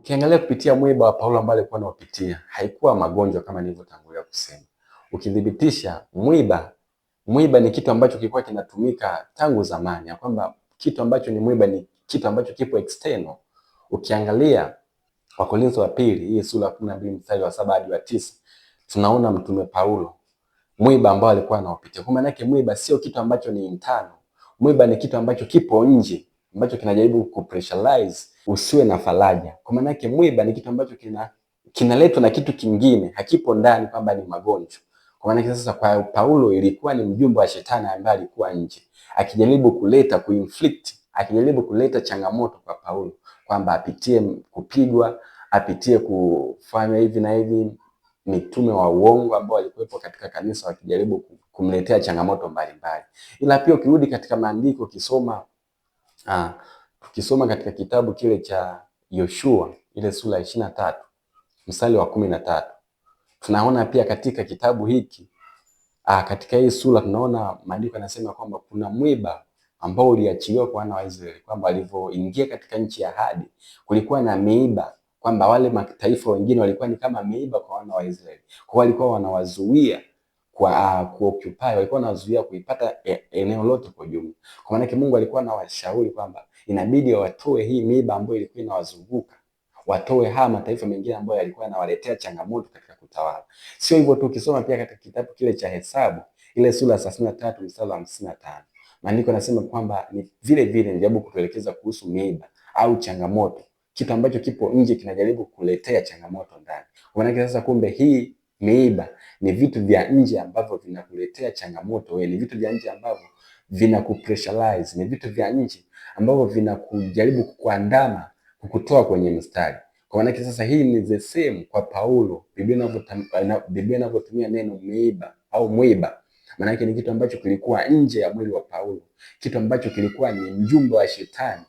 Ukiangalia kupitia mwiba wa Paulo ambaye alikuwa anaopitia, haikuwa magonjwa kama nilivyotangulia kusema. Ukithibitisha mwiba, mwiba ni kitu ambacho kilikuwa kinatumika tangu zamani, ya kwamba kitu ambacho ni mwiba ni kitu ambacho kipo external. Ukiangalia Wakorintho wa pili hii sura ya kumi na mbili mstari wa saba hadi wa tisa tunaona mtume Paulo mwiba ambao alikuwa anaopitia. Kwa maana yake mwiba sio kitu ambacho ni internal, mwiba ni kitu ambacho kipo nje ambacho kinajaribu kupressurize usiwe na faraja. Kwa maana yake mwiba ni kitu ambacho kina kinaletwa na kitu kingine, hakipo ndani kwamba ni magonjwa. Kwa maana sasa, kwa Paulo ilikuwa ni mjumbe wa shetani ambaye alikuwa nje akijaribu kuleta kuinflict, akijaribu kuleta changamoto kwa Paulo kwamba apitie kupigwa, apitie kufanya hivi na hivi. Mitume wa uongo ambao walikuwepo katika kanisa wakijaribu kumletea changamoto mbalimbali, ila pia ukirudi katika maandiko ukisoma Ah, tukisoma katika kitabu kile cha Yoshua ile sura ya ishirini na tatu mstari wa kumi na tatu tunaona pia katika kitabu hiki ah, katika hii sura tunaona maandiko yanasema kwamba kuna mwiba ambao uliachiliwa kwa wana wa Israeli kwamba walivyoingia katika nchi ya ahadi kulikuwa na miiba kwamba wale mataifa wengine walikuwa ni kama miiba kwa wana wa Israeli, kwa walikuwa wanawazuia kwa uh, kuoccupy walikuwa wanazuia kuipata e, eneo lote kwa jumla. Kwa maana Mungu alikuwa anawashauri kwamba inabidi watoe hii miiba ambayo ilikuwa inawazunguka, watoe haya mataifa mengine ambayo yalikuwa yanawaletea changamoto katika kutawala. Sio hivyo tu, ukisoma pia katika kitabu kile cha Hesabu ile sura ya 33 mstari wa 55 maandiko yanasema kwamba ni vile vile nijaribu kutuelekeza kuhusu miiba au changamoto, kitu ambacho kipo nje kinajaribu kuletea changamoto ndani. Kwa Maana sasa kumbe hii umeiba, ni vitu vya nje ambavyo vinakuletea changamoto wewe, ni vitu vya nje ambavyo vinakupressurize, ni vitu vya nje ambavyo vinakujaribu kukuandama, kukutoa kwenye mstari. Kwa maana sasa hii ni the same kwa Paulo, Biblia inavyotumia neno mwiba au mwiba, maanake ni kitu ambacho kilikuwa nje ya mwili wa Paulo, kitu ambacho kilikuwa ni mjumbe wa shetani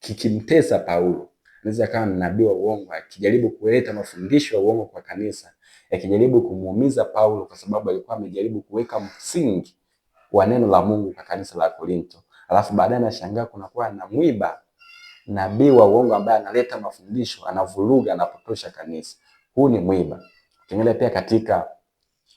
kikimtesa Paulo anaweza akawa nabii wa uongo akijaribu kuleta mafundisho ya uongo kwa kanisa, akijaribu kumuumiza Paulo, kwa sababu alikuwa amejaribu kuweka msingi wa neno la Mungu kwa kanisa la Korinto, alafu baadaye anashangaa kunakuwa na mwiba nabii wa uongo ambaye analeta mafundisho, anavuruga, anapotosha kanisa. Huu ni mwiba. Tukiangalia pia katika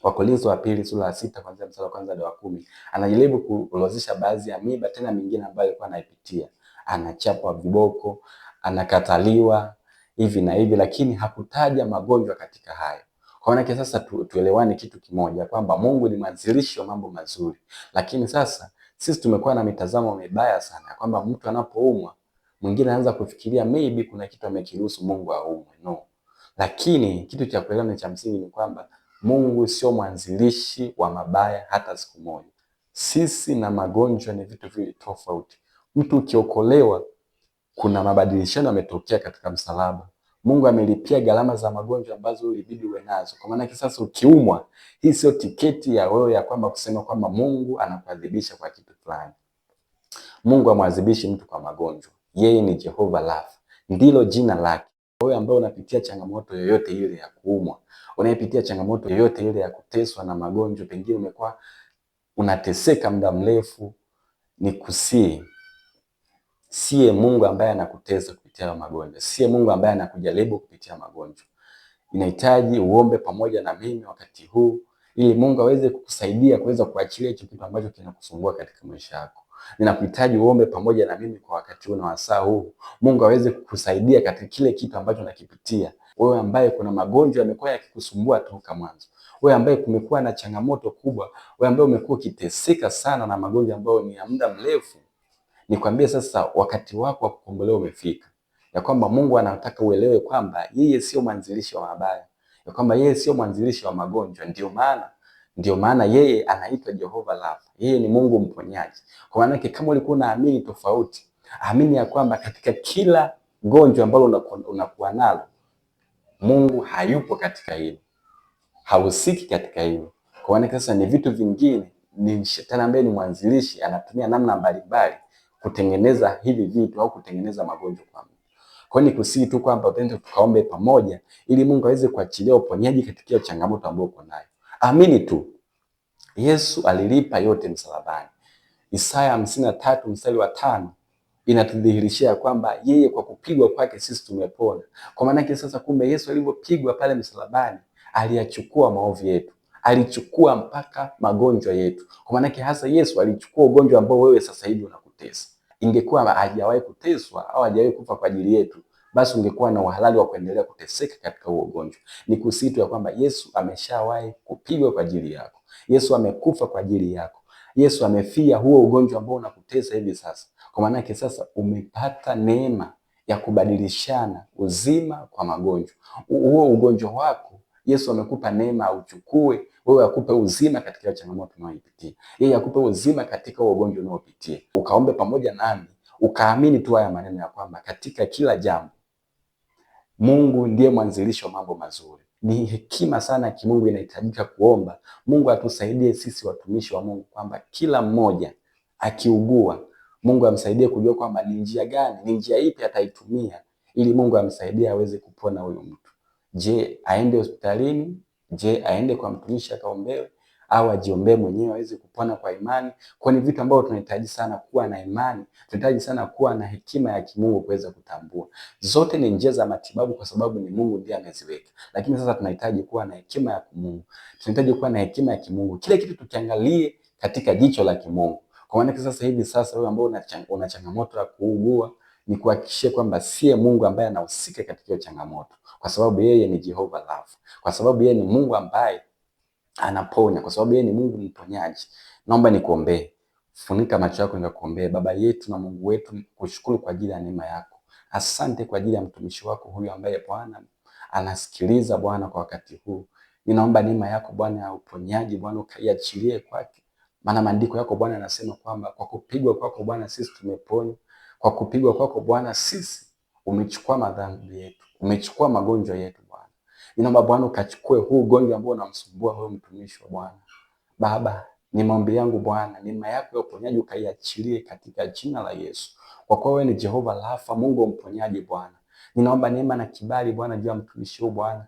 Wakorintho wa pili sura ya sita kuanzia mstari wa kwanza hadi wa kumi anajaribu kuorodhesha baadhi ya miba, tena mingine ambayo alikuwa anaipitia. Anachapwa viboko, anakataliwa hivi na hivi, lakini hakutaja magonjwa katika hayo. Kwa maana sasa tu, tuelewane kitu kimoja kwamba Mungu ni mwanzilishi wa mambo mazuri, lakini sasa sisi tumekuwa na mitazamo mibaya sana kwamba mtu anapoumwa mwingine anaanza kufikiria maybe kuna kitu amekiruhusu Mungu aumwe. No, lakini kitu cha kuelewa cha msingi ni kwamba Mungu sio mwanzilishi wa mabaya hata siku moja. Sisi na magonjwa ni vitu vili tofauti. Mtu ukiokolewa kuna mabadilishano yametokea katika msalaba. Mungu amelipia gharama za magonjwa ambazo ulibidi uwe nazo. Kwa maana sasa ukiumwa, hii sio tiketi ya wewe ya kwamba kusema kwamba Mungu anakuadhibisha kwa kitu fulani. Mungu amwadhibishi mtu kwa magonjwa. Yeye ni Jehova Rafa, ndilo jina lake. Wewe ambaye unapitia changamoto yoyote ile ya kuumwa, unayepitia changamoto yoyote ile ya kuteswa na magonjwa, pengine umekuwa unateseka muda mrefu, ni kusii siye Mungu ambaye anakuteza kupitia magonjwa, siye Mungu ambaye anakujaribu kupitia magonjwa. Inahitaji uombe pamoja na mimi wakati huu ili Mungu aweze kukusaidia kuweza kuachilia hicho kitu ambacho kinakusumbua katika maisha yako. Ninakuhitaji uombe pamoja na mimi kwa wakati huu na wasaa huu, Mungu aweze kukusaidia katika kile kitu ambacho nakipitia. Wewe ambaye kuna magonjwa yamekuwa yakikusumbua toka mwanzo, wewe ambaye kumekuwa na changamoto kubwa, wewe ambaye umekuwa ukiteseka sana na magonjwa ambayo ni ya muda mrefu, nikwambie sasa, wakati wako wa kukombolewa umefika, ya kwamba Mungu anataka uelewe kwamba yeye sio mwanzilishi wa mabaya, ya kwamba yeye sio mwanzilishi wa magonjwa. Ndio maana ndio maana yeye anaitwa Jehova Rafa, yeye ni Mungu mponyaji. Kwa maana yake, kama ulikuwa unaamini tofauti, amini ya kwamba katika kila gonjwa ambalo unakuwa nalo Mungu hayupo katika hilo, hausiki katika hilo. Kwa maana sasa ni vitu vingine, ni shetani ambaye ni mwanzilishi, anatumia namna mbalimbali mbali kutengeneza hivi vitu au kutengeneza magonjwa kwa mtu. Kwa hiyo nikusii tu kwamba tuende tukaombe pamoja ili Mungu aweze kuachilia uponyaji katika changamoto ambayo uko nayo. Amini tu. Yesu alilipa yote msalabani. Isaya hamsini tatu mstari wa tano inatudhihirishia kwamba yeye kwa kupigwa kwake sisi tumepona. Kwa maana yake sasa, kumbe Yesu alivyopigwa pale msalabani aliyachukua maovu yetu, alichukua mpaka magonjwa yetu. Kwa maana yake hasa Yesu alichukua ugonjwa ambao wewe sasa hivi una kututesa. Ingekuwa hajawahi kuteswa au hajawahi kufa kwa ajili yetu, basi ungekuwa na uhalali wa kuendelea kuteseka katika huo ugonjwa. Ni kusitu ya kwamba Yesu ameshawahi kupigwa kwa ajili yako, Yesu amekufa kwa ajili yako, Yesu amefia huo ugonjwa ambao unakutesa hivi sasa. Kwa maana yake sasa umepata neema ya kubadilishana uzima kwa magonjwa. Huo ugonjwa wako Yesu amekupa neema auchukue wewe, akupe uzima katika changamoto unayoipitia, yeye akupe uzima katika ugonjwa unaopitia. Ukaombe pamoja nami, ukaamini tu haya maneno ya kwamba katika kila jambo Mungu ndiye mwanzilisho wa mambo mazuri. Ni hekima sana ya kimungu inahitajika kuomba Mungu atusaidie sisi watumishi wa Mungu, kwamba kila mmoja akiugua, Mungu amsaidie kujua kwamba ni njia gani, ni njia ipi ataitumia, ili Mungu amsaidie aweze kupona huyo mtu. Je, aende hospitalini? Je, aende kwa mtumishi akaombewe au ajiombee mwenyewe aweze kupona kwa imani? Kwa ni vitu ambavyo tunahitaji sana kuwa na imani, tunahitaji sana kuwa na hekima ya kimungu kuweza kutambua. Zote ni njia za matibabu, kwa sababu ni Mungu ndiye ameziweka, lakini sasa tunahitaji kuwa na hekima ya kimungu, tunahitaji kuwa na hekima ya kimungu. Kila kitu tukiangalie katika jicho la kimungu. Kwa maana sasa hivi, sasa wewe ambao una changamoto ya kuugua ni kuhakikishia kwamba siye Mungu ambaye anahusika katika hiyo changamoto, kwa sababu yeye ni Jehova Love, kwa sababu yeye ni Mungu ambaye anaponya, kwa sababu yeye ni Mungu mponyaji. Naomba nikuombee. Funika macho yako nikakuombee. Baba yetu na Mungu wetu, kushukuru kwa ajili ya neema yako. Asante kwa ajili ya mtumishi wako huyu ambaye Bwana anasikiliza Bwana kwa wakati huu. Ninaomba neema yako Bwana ya uponyaji Bwana ukaiachilie kwake. Maana maandiko yako Bwana anasema kwamba kwa kupigwa kwako Bwana sisi tumeponywa. Kwa kupigwa kwako Bwana sisi umechukua madhambi yetu, umechukua magonjwa yetu Bwana. Ninaomba Bwana ukachukue huu ugonjwa ambao unamsumbua huyo mtumishi wa Bwana. Baba, ni maombi yangu Bwana, neema yako ya uponyaji ukaiachilie katika jina la Yesu. Kwa kuwa wewe ni Jehova Rafa, Mungu wa mponyaji Bwana. Ninaomba neema na kibali Bwana juu ya mtumishi huu Bwana.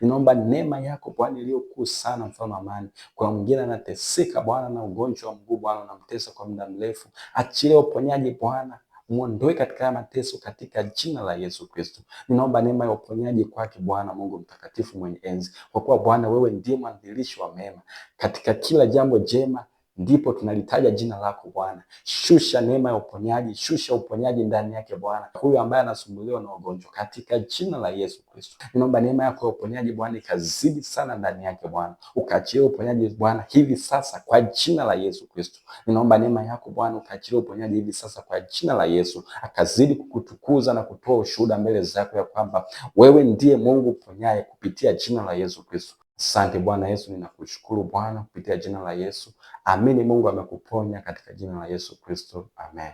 Ninaomba neema yako Bwana iliyokuu sana mfano amani. Kwa mwingine anateseka Bwana na ugonjwa wa mguu Bwana unamtesa kwa muda mrefu. Achilie uponyaji Bwana. Mwondoe katika mateso katika jina la Yesu Kristo. Ninaomba neema ya uponyaji kwake Bwana Mungu mtakatifu mwenye enzi, kwa kuwa Bwana wewe ndiye mwanzilishi wa mema katika kila jambo jema ndipo tunalitaja jina lako Bwana. Shusha neema ya uponyaji, shusha uponyaji ndani yake Bwana, huyu ambaye anasumbuliwa na ugonjwa, katika jina la Yesu Kristo ninaomba neema yako ya uponyaji Bwana ikazidi sana ndani yake Bwana, ukaachilie uponyaji Bwana hivi sasa kwa jina la Yesu Kristo. Ninaomba neema yako Bwana, ukaachilie uponyaji hivi sasa kwa jina la Yesu, akazidi kukutukuza na kutoa ushuhuda mbele zako ya kwamba wewe ndiye Mungu uponyaye kupitia jina la Yesu Kristo. Asante Bwana Yesu, ninakushukuru Bwana kupitia jina la Yesu. Amini Mungu amekuponya katika jina la Yesu Kristo, amen.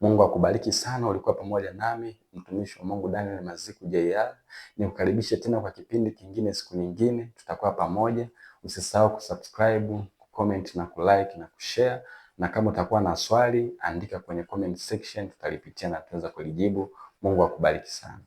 Mungu akubariki sana. Ulikuwa pamoja nami mtumishi wa Mungu Daniel Maziku JR. Nikukaribishe tena kwa kipindi kingine, siku nyingine tutakuwa pamoja. Usisahau kusubscribe, kucomment na kulike na kushare, na kama utakuwa na swali andika kwenye comment section, tutalipitia na tuweza kulijibu. Mungu akubariki sana.